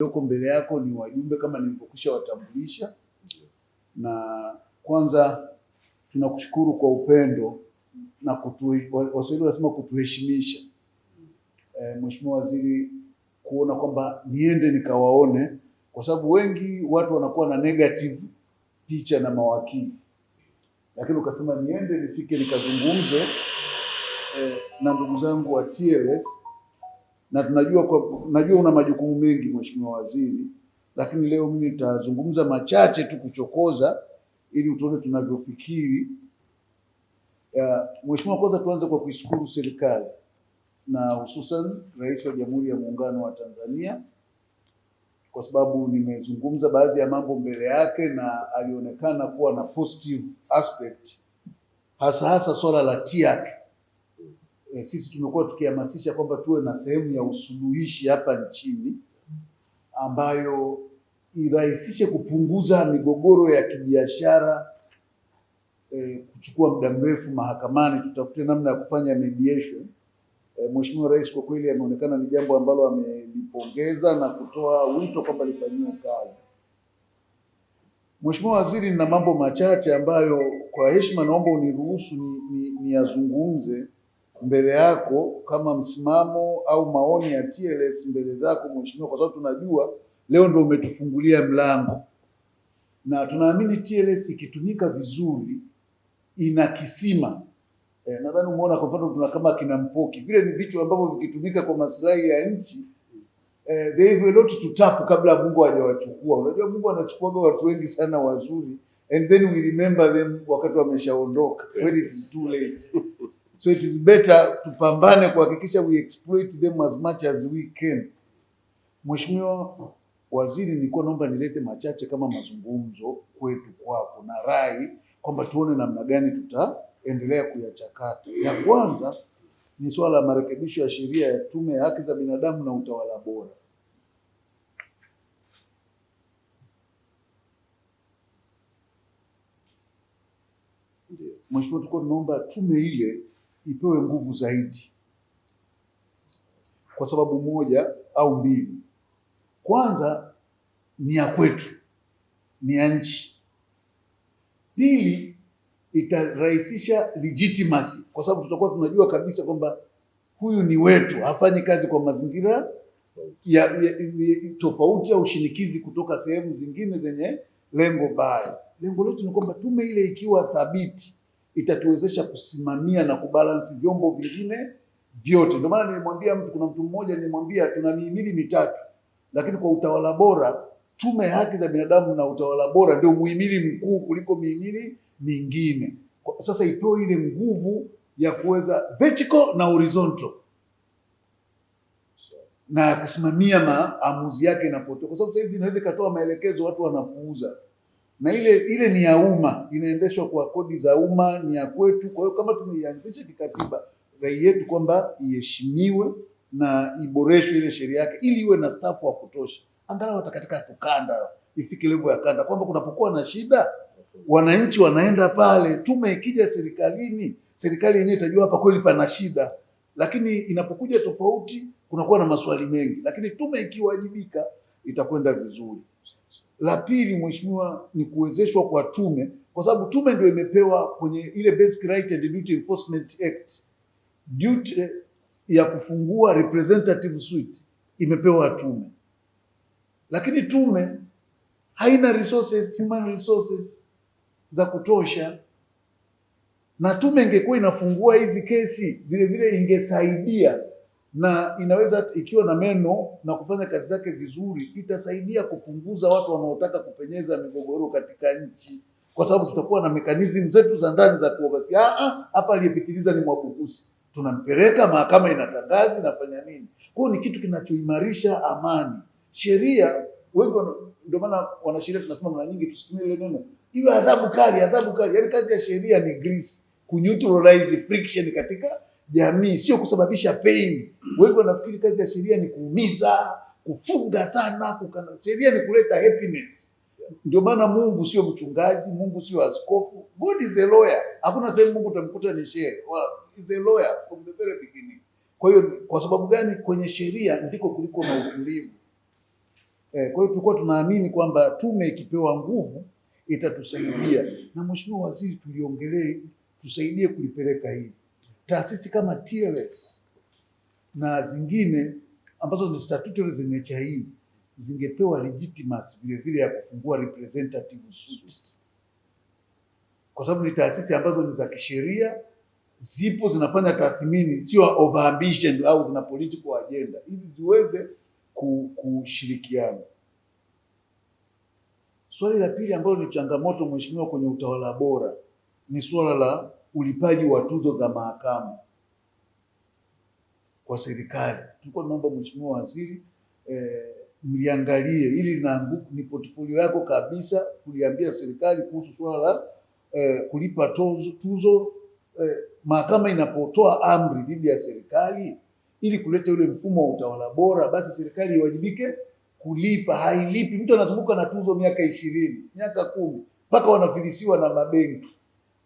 Yuko mbele yako ni wajumbe kama nilivyokwisha watambulisha, na kwanza tunakushukuru kwa upendo na Waswahili wanasema kutuheshimisha. E, Mheshimiwa Waziri, kuona kwamba niende nikawaone, kwa sababu wengi watu wanakuwa na negative picha na mawakili, lakini ukasema niende nifike nikazungumze e, na ndugu zangu wa TLS na tunajua kwa, najua una majukumu mengi Mheshimiwa Waziri, lakini leo mimi nitazungumza machache tu kuchokoza, ili utuone tunavyofikiri. Mheshimiwa, kwanza tuanze kwa kuishukuru serikali na hususan Rais wa Jamhuri ya Muungano wa Tanzania kwa sababu nimezungumza baadhi ya mambo mbele yake na alionekana kuwa na positive aspect hasa hasa swala la TIAC eh, sisi tumekuwa tukihamasisha kwamba tuwe na sehemu ya usuluhishi hapa nchini ambayo irahisishe kupunguza migogoro ya kibiashara eh, kuchukua muda mrefu mahakamani. Tutafute namna ya kufanya mediation. Eh, Mheshimiwa Rais kwa kweli ameonekana ni jambo ambalo amelipongeza na kutoa wito kwamba lifanyiwe kazi. Mheshimiwa Waziri, na mambo machache ambayo kwa heshima naomba uniruhusu niyazungumze ni, ni mbele yako kama msimamo au maoni ya TLS mbele zako mheshimiwa, kwa sababu tunajua leo ndio umetufungulia mlango, na tunaamini TLS ikitumika vizuri ina kisima e, nadhani umeona kwa mfano kuna kama kina Mpoki vile ni vitu ambavyo vikitumika kwa maslahi ya nchi eh, they have a lot to tap kabla Mungu hajawachukua. Unajua Mungu anachukua watu wengi sana wazuri and then we remember them wakati wameshaondoka when it's too late So it is better tupambane kuhakikisha we exploit them as much as we can. Mheshimiwa Waziri, nilikuwa naomba nilete machache kama mazungumzo kwetu kwako na rai kwamba tuone namna gani tutaendelea kuyachakata. Ya kwanza ni swala la marekebisho ya sheria ya Tume ya Haki za Binadamu na Utawala Bora. Mheshimiwa, tulikuwa tunaomba tume ile ipewe nguvu zaidi kwa sababu moja au mbili. Kwanza ni ya kwetu, ni ya nchi. Pili, itarahisisha legitimacy kwa sababu tutakuwa tunajua kabisa kwamba huyu ni wetu, hafanyi kazi kwa mazingira ya, ya, ya, tofauti au shinikizi kutoka sehemu zingine zenye lengo baya. Lengo letu ni kwamba tume ile ikiwa thabiti itatuwezesha kusimamia na kubalansi vyombo vingine vyote. Ndio maana nilimwambia mtu, kuna mtu mmoja nilimwambia tuna mihimili mitatu, lakini kwa utawala bora, tume ya haki za binadamu na utawala bora ndio muhimili mkuu kuliko mihimili mingine. Sasa ipewe ile nguvu ya kuweza vertical na horizontal na kusimamia maamuzi yake inapotoka, kwa sababu saizi inaweza ikatoa maelekezo, watu wanapuuza na ile ile ni ya umma, inaendeshwa kwa kodi za umma, ni ya kwetu. Kwa hiyo kama tumeianzisha kikatiba, rai yetu kwamba iheshimiwe na iboreshwe ile sheria yake, ili iwe na stafu wa kutosha, angalau hata katika kukanda, ifike level ya kanda, kwamba kunapokuwa na shida wananchi wanaenda pale. Tume ikija serikalini, serikali yenyewe itajua hapa kweli pana shida, lakini inapokuja tofauti, kunakuwa na maswali mengi, lakini tume ikiwajibika itakwenda vizuri. La pili mheshimiwa, ni kuwezeshwa kwa tume, kwa sababu tume ndio imepewa kwenye ile Basic Right and Duty Enforcement Act duty ya kufungua representative suite imepewa tume, lakini tume haina resources, human resources za kutosha, na tume ingekuwa inafungua hizi kesi vilevile ingesaidia na inaweza ikiwa na meno na kufanya kazi zake vizuri, itasaidia kupunguza watu wanaotaka kupenyeza migogoro katika nchi, kwa sababu tutakuwa na mekanizm zetu za ndani za kuobasi. Ah, ah, hapa aliyepitiliza ni Mwabukusi, tunampeleka mahakama, inatangazi nafanya nini. Kwa hiyo ni kitu kinachoimarisha amani, sheria. Wengi ndio maana wanasheria tunasema mara nyingi tusitumie ile neno, iwe adhabu kali, adhabu kali. Yani kazi ya sheria ni grease, ku neutralize friction katika jamii, sio kusababisha pain. Wengi wanafikiri kazi ya sheria ni kuumiza, kufunga sana, kukana. Sheria ni kuleta happiness. Ndio maana Mungu sio mchungaji, Mungu sio askofu. God is a lawyer. Hakuna sehemu Mungu utamkuta ni shehe. Well, is a lawyer from the very beginning. Kwa hiyo kwa sababu gani kwenye sheria ndiko kuliko na utulivu. Eh, kwa hiyo tulikuwa tunaamini kwamba tume ikipewa nguvu itatusaidia, na Mheshimiwa Waziri tuliongelee, tusaidie kulipeleka hili taasisi kama TLS na zingine ambazo ni statutory zenye nature hii zingepewa legitimacy vile vile ya kufungua representative suits, kwa sababu ni taasisi ambazo ni za kisheria, zipo zinafanya tathmini, sio over ambition au zina political agenda, ili ziweze kushirikiana. Swali la pili ambalo ni changamoto mheshimiwa, kwenye utawala bora ni swala la ulipaji wa tuzo za mahakama kwa serikali. Tulikuwa tunaomba mheshimiwa waziri eh, mliangalie ili linaanguka ni portfolio yako kabisa kuliambia serikali kuhusu suala la eh, kulipa tozo, tuzo eh, mahakama inapotoa amri dhidi ya serikali ili kuleta ule mfumo wa utawala bora, basi serikali iwajibike kulipa. Hailipi, mtu anazunguka na tuzo miaka ishirini, miaka kumi, mpaka wanafilisiwa na mabenki.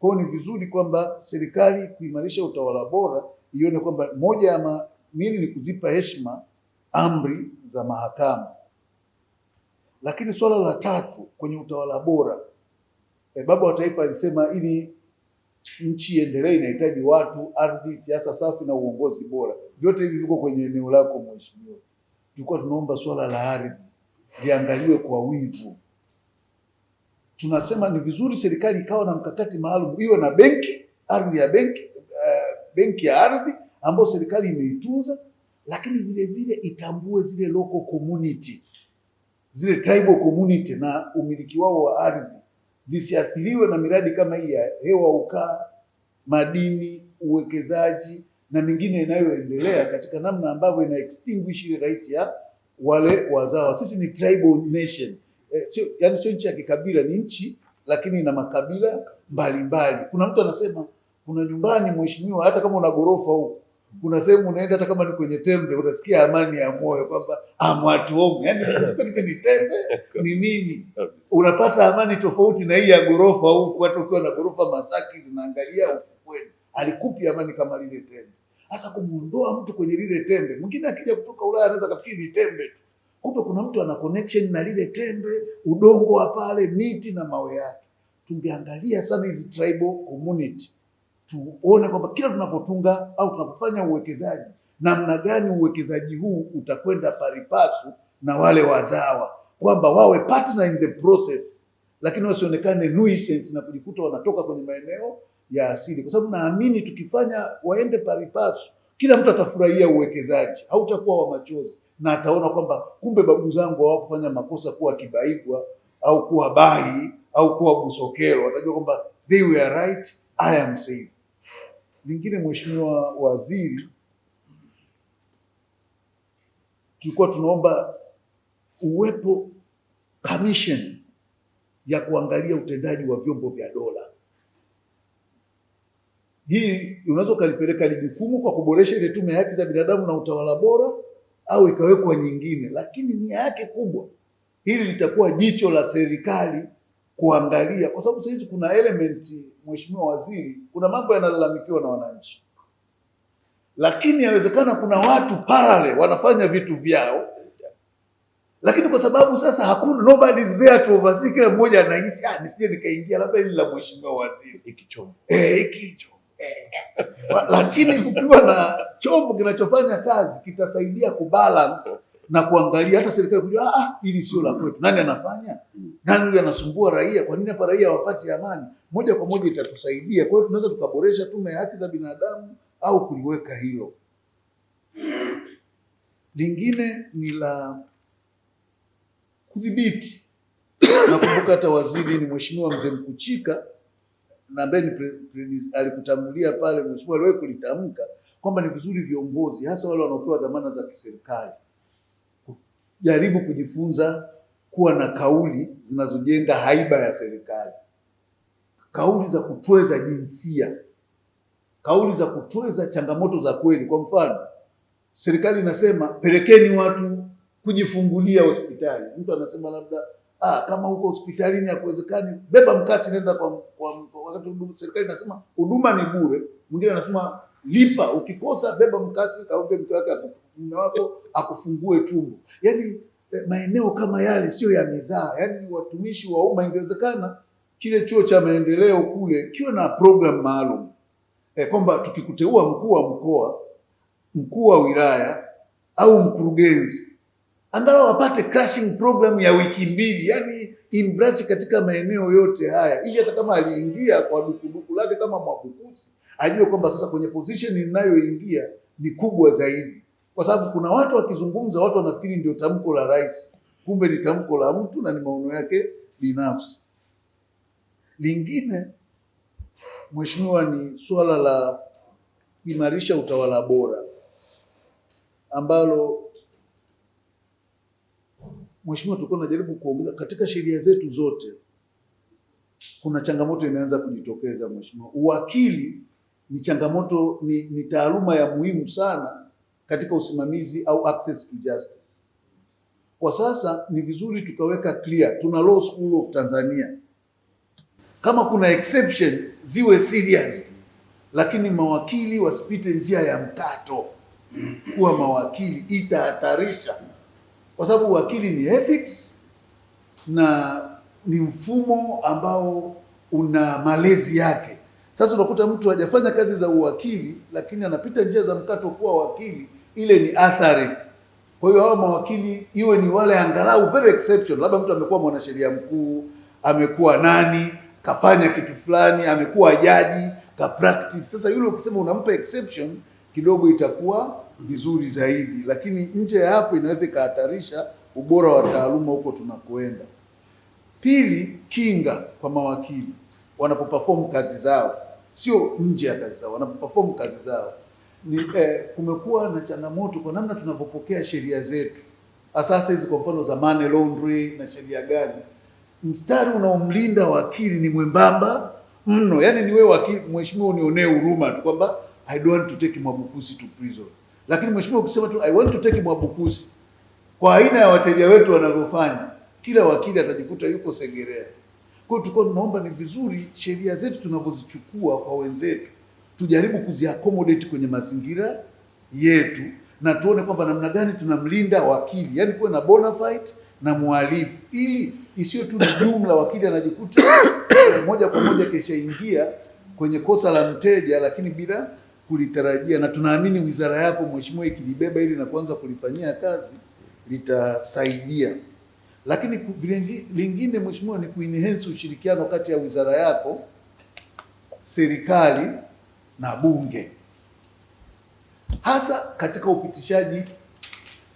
Kwa ni vizuri kwamba serikali kuimarisha utawala bora ione kwamba moja ya nini ni kuzipa heshima amri za mahakama. Lakini swala la tatu kwenye utawala bora e, baba wa taifa alisema ili nchi iendelee inahitaji watu, ardhi, siasa safi na uongozi bora. Vyote hivi viko kwenye eneo lako mheshimiwa. Tulikuwa tunaomba swala la ardhi liangaliwe kwa wivu tunasema ni vizuri serikali ikawa na mkakati maalum, iwe na benki, ardhi ya benki, uh, benki ya ardhi ambayo serikali imeitunza, lakini vile vile itambue zile local community, zile tribal community na umiliki wao wa ardhi zisiathiriwe na miradi kama hii ya hewa ukaa, madini, uwekezaji na mingine inayoendelea katika namna ambavyo ina extinguish ile right ya wale wazawa. Sisi ni tribal nation eh, sio, yani sio nchi ya kikabila, ni nchi lakini ina makabila mbalimbali. Kuna mtu anasema kuna nyumbani, mheshimiwa, hata kama una ghorofa huko, kuna sehemu unaenda hata kama ni kwenye tembe, unasikia amani ya moyo kwamba amwatuomi, ah, yani ni tembe ni nini, unapata amani tofauti na hii ya ghorofa huko. Hata ukiwa na ghorofa Masaki linaangalia ufukweni, alikupi amani kama lile tembe. Hasa kumuondoa mtu kwenye lile tembe, mwingine akija kutoka Ulaya anaweza kafikiri ni tembe tu Kumbe kuna mtu ana connection na lile tembe, udongo wa pale, miti na mawe yake. Tungeangalia sana hizi tribal community, tuone kwamba kila tunapotunga au tunapofanya uwekezaji, namna gani uwekezaji huu utakwenda paripasu na wale wazawa, kwamba wawe partner in the process, lakini wasionekane nuisance na kujikuta wanatoka kwenye maeneo ya asili, kwa sababu naamini tukifanya waende paripasu kila mtu atafurahia uwekezaji, hautakuwa wa machozi, na ataona kwamba kumbe babu zangu hawakufanya makosa kuwa Kibaigwa au kuwa Bahi au kuwa busokero Watajua kwamba they were right, I am safe. Lingine, Mheshimiwa Waziri, tulikuwa tunaomba uwepo commission ya kuangalia utendaji wa vyombo vya dola hii unaweza ukalipeleka jukumu kwa kuboresha ile tume ya haki za binadamu na utawala bora, au ikawekwa nyingine, lakini nia yake kubwa, hili litakuwa jicho la serikali kuangalia, kwa sababu sasa kuna element, mheshimiwa waziri, kuna mambo yanalalamikiwa na wananchi, lakini yawezekana kuna watu parale wanafanya vitu vyao, lakini kwa sababu sasa hakuna nobody is there to oversee, kila mmoja anahisi ah, nisije nikaingia labda ile la mheshimiwa waziri ikichoma eh ikichoma lakini kukiwa na chombo kinachofanya kazi kitasaidia kubalance na kuangalia hata serikali kujua, ah, ah, hili sio la kwetu. Nani anafanya? Nani huyu anasumbua raia? Kwa nini hapa raia wapate amani? Moja kwa moja itatusaidia. Kwa hiyo tunaweza tukaboresha tume ya haki za binadamu au kuliweka hilo. Lingine ni la kudhibiti. Nakumbuka hata waziri ni Mheshimiwa Mzee Mkuchika na ambaye alikutangulia pale, mheshimiwa, aliwahi kulitamka kwamba ni vizuri viongozi hasa wale wanaopewa dhamana za kiserikali kujaribu kujifunza kuwa na kauli zinazojenga haiba ya serikali, kauli za kutweza jinsia, kauli za kutweza changamoto za kweli. Kwa mfano, serikali inasema pelekeni watu kujifungulia hospitali, mtu anasema labda ah, kama huko hospitalini hakuwezekani, beba mkasi, nenda kwa, kwa, kwa wakati serikali inasema huduma ni bure, mwingine anasema lipa, ukikosa beba mkasi, kauke mke wake mume wako akufungue tumbo. Yani eh, maeneo kama yale sio ya mizaa, yani watumishi wa umma, ingewezekana kile chuo cha maendeleo kule kiwe na program maalum e, kwamba tukikuteua mkuu wa mkoa, mkuu wa wilaya au mkurugenzi, angalau wapate crashing program ya wiki mbili, yani imbrasi katika maeneo yote haya, ili hata kama aliingia kwa dukuduku lake kama Mwabukusi, ajue kwamba sasa kwenye position ninayoingia ni kubwa zaidi, kwa sababu kuna watu wakizungumza, watu wanafikiri ndio tamko la rais, kumbe ni tamko la mtu na ni maono yake binafsi. Lingine mheshimiwa, ni suala la kuimarisha utawala bora ambalo Mheshimiwa, tulikuwa tunajaribu kuongeza katika sheria zetu zote, kuna changamoto imeanza kujitokeza Mheshimiwa. Uwakili ni changamoto, ni, ni taaluma ya muhimu sana katika usimamizi au access to justice. Kwa sasa ni vizuri tukaweka clear, tuna Law School of Tanzania, kama kuna exception ziwe serious, lakini mawakili wasipite njia ya mkato. Kuwa mawakili itahatarisha kwa sababu uwakili ni ethics na ni mfumo ambao una malezi yake. Sasa unakuta mtu hajafanya kazi za uwakili, lakini anapita njia za mkato kuwa wakili, ile ni athari. Kwa hiyo hao mawakili iwe ni wale angalau very exception, labda mtu amekuwa mwanasheria mkuu, amekuwa nani, kafanya kitu fulani, amekuwa jaji, ka practice. Sasa yule ukisema unampa exception kidogo itakuwa vizuri zaidi, lakini nje ya hapo inaweza ikahatarisha ubora wa taaluma huko tunakoenda. Pili, kinga kwa mawakili wanapoperform kazi zao, sio nje ya kazi zao, wanapoperform kazi zao ni eh, kumekuwa na changamoto kwa namna tunavyopokea sheria zetu hasa hizi, kwa mfano za money laundry na sheria gani, mstari unaomlinda wakili ni mwembamba mno. Yani ni wewe wakili, mheshimiwa, unionee huruma tu kwamba I don't want to take Mwabukusi to prison. Lakini mheshimiwa, ukisema tu I want to take Mwabukusi, kwa aina ya wateja wetu wanavyofanya, kila wakili atajikuta yuko Segerea. Kwa hiyo tulikuwa tunaomba ni vizuri sheria zetu tunavyozichukua kwa wenzetu tujaribu kuziaccommodate kwenye mazingira yetu na tuone kwamba namna gani tunamlinda wakili, yaani kuwe na bona fide na mhalifu, ili isiyo tu ni jumla wakili anajikuta moja kwa moja ingia kwenye kosa la mteja, lakini bila kulitarajia, na tunaamini wizara yako mheshimiwa ikilibeba ili na kuanza kulifanyia kazi litasaidia. Lakini lingine mheshimiwa, ni kuenhance ushirikiano kati ya wizara yako, serikali na bunge, hasa katika upitishaji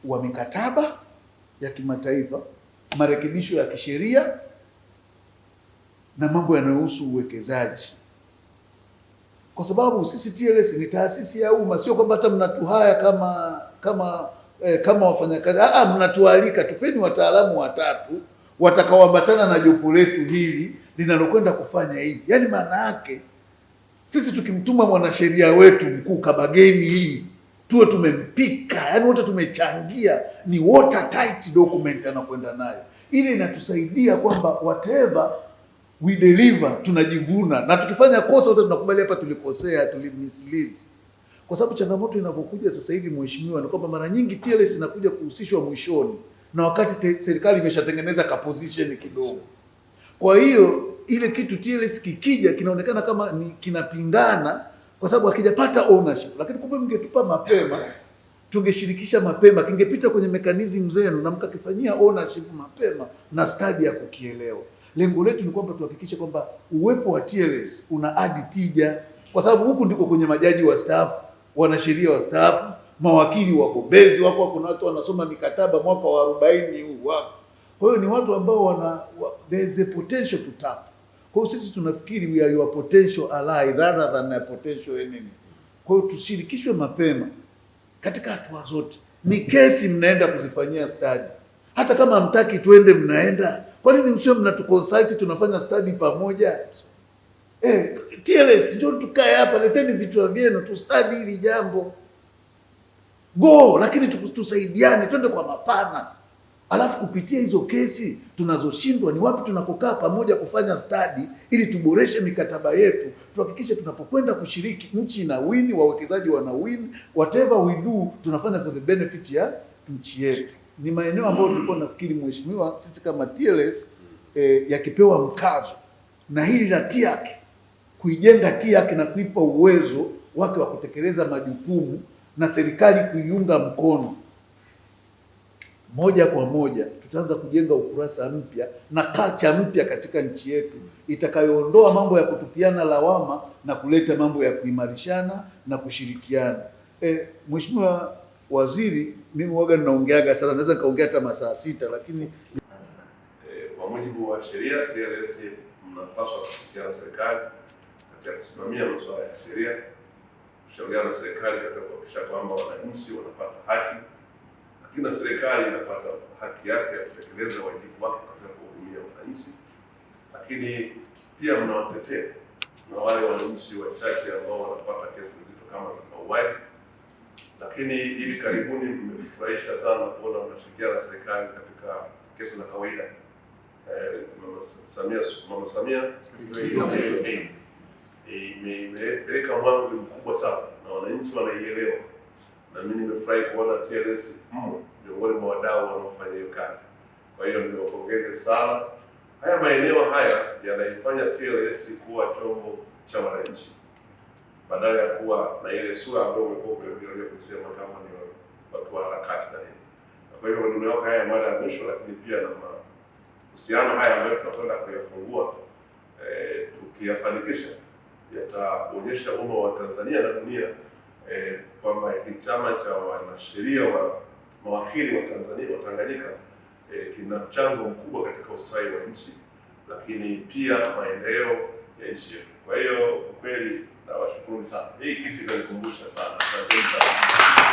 wa mikataba ya kimataifa, marekebisho ya kisheria na mambo yanayohusu uwekezaji kwa sababu sisi TLS ni taasisi ya umma, sio kwamba hata mnatuhaya kama kama eh, kama wafanyakazi. Ah, mnatualika, tupeni wataalamu watatu watakaoambatana na jopo letu hili linalokwenda kufanya hivi. yani maana yake sisi tukimtuma mwanasheria wetu mkuu Kabageni hii tuwe tumempika, yani wote tumechangia, ni watertight document anakwenda nayo. ili inatusaidia kwamba whatever we deliver, tunajivuna na tukifanya kosa wote tunakubali hapa tulikosea, tulimislead. Kwa sababu changamoto inavyokuja sasa hivi, mheshimiwa, ni kwamba mara nyingi TLS inakuja kuhusishwa mwishoni na wakati serikali imeshatengeneza ka position kidogo. Kwa hiyo ile kitu TLS kikija kinaonekana kama ni kinapingana kwa sababu hakijapata ownership, lakini kumbe mngetupa mapema, tungeshirikisha mapema, kingepita kwenye mekanizmu zenu na mkakifanyia ownership mapema na stadi ya kukielewa. Lengo letu ni kwamba tuhakikishe kwamba uwepo wa TLS una adi tija, kwa sababu huku ndiko kwenye majaji wastaafu, wanasheria wastaafu, mawakili wagombezi wako, kuna watu wanasoma mikataba mwaka wa arobaini huu wako. Kwa hiyo ni watu ambao wana wa, there is a potential to tap. Kwa hiyo sisi tunafikiri we are your potential ally rather than a potential enemy. Kwa hiyo tushirikishwe mapema katika hatua zote. Ni kesi mnaenda kuzifanyia study, hata kama hamtaki twende, mnaenda kwa nini msio mnatuconsult tunafanya study pamoja? Eh, TLS njoo tukae hapa, leteni vichwa vyenu tu study hili jambo. Go, lakini tusaidiane, twende kwa mapana. Alafu kupitia hizo kesi tunazoshindwa ni wapi tunakokaa pamoja kufanya study ili tuboreshe mikataba yetu, tuhakikishe tunapokwenda kushiriki nchi ina win, wawekezaji wana win, whatever we do tunafanya for the benefit ya nchi yetu ni maeneo ambayo tulikuwa nafikiri mheshimiwa, sisi kama TLS eh, yakipewa mkazo na hili la TIAC kuijenga TIAC na kuipa uwezo wake wa kutekeleza majukumu na serikali kuiunga mkono moja kwa moja, tutaanza kujenga ukurasa mpya na kacha mpya katika nchi yetu itakayoondoa mambo ya kutupiana lawama na kuleta mambo ya kuimarishana na kushirikiana. Eh, mheshimiwa waziri, mimi waga ninaongeaga sana, naweza nikaongea hata masaa sita, lakini eh, kwa mujibu wa sheria TLS mnapaswa kushirikiana na serikali katika kusimamia masuala ya sheria, kushauriana na serikali katika kuhakikisha kwamba wananchi wanapata haki, lakini na serikali inapata haki yake ya kutekeleza wajibu wake katika kuhudumia wananchi, lakini pia mnawatetea na wale wananchi wachache ambao wanapata kesi nzito kama za mauaji lakini hivi karibuni mmefurahisha sana kuona mnashirikiana na serikali katika kesi za kawaida eh, Mama Samia imepeleka eh, mwanga mkubwa sana na wananchi wanaielewa, na mimi nimefurahi kuona TLS mmo miongoni mwa wadau wanaofanya hiyo kazi. Kwa hiyo niwapongeze sana. Haya maeneo haya yanaifanya TLS kuwa chombo cha wananchi badala ya kuwa na ile sura ambayo umekuwa ukirudia kusema kama ni watu wa harakati na nini. Kwa hivyo ndio yako haya mada ya mwisho, lakini pia na mahusiano haya ambayo tunakwenda kuyafungua eh, tukiyafanikisha yataonyesha umma wa Tanzania na dunia eh, kwamba chama cha wanasheria wa mawakili wa Tanzania wa Tanganyika eh, kina mchango mkubwa katika ustawi wa nchi, lakini pia maendeleo ya nchi yetu. Kwa hiyo kweli nawashukuruni sana. Hii kitu inanikumbusha sana.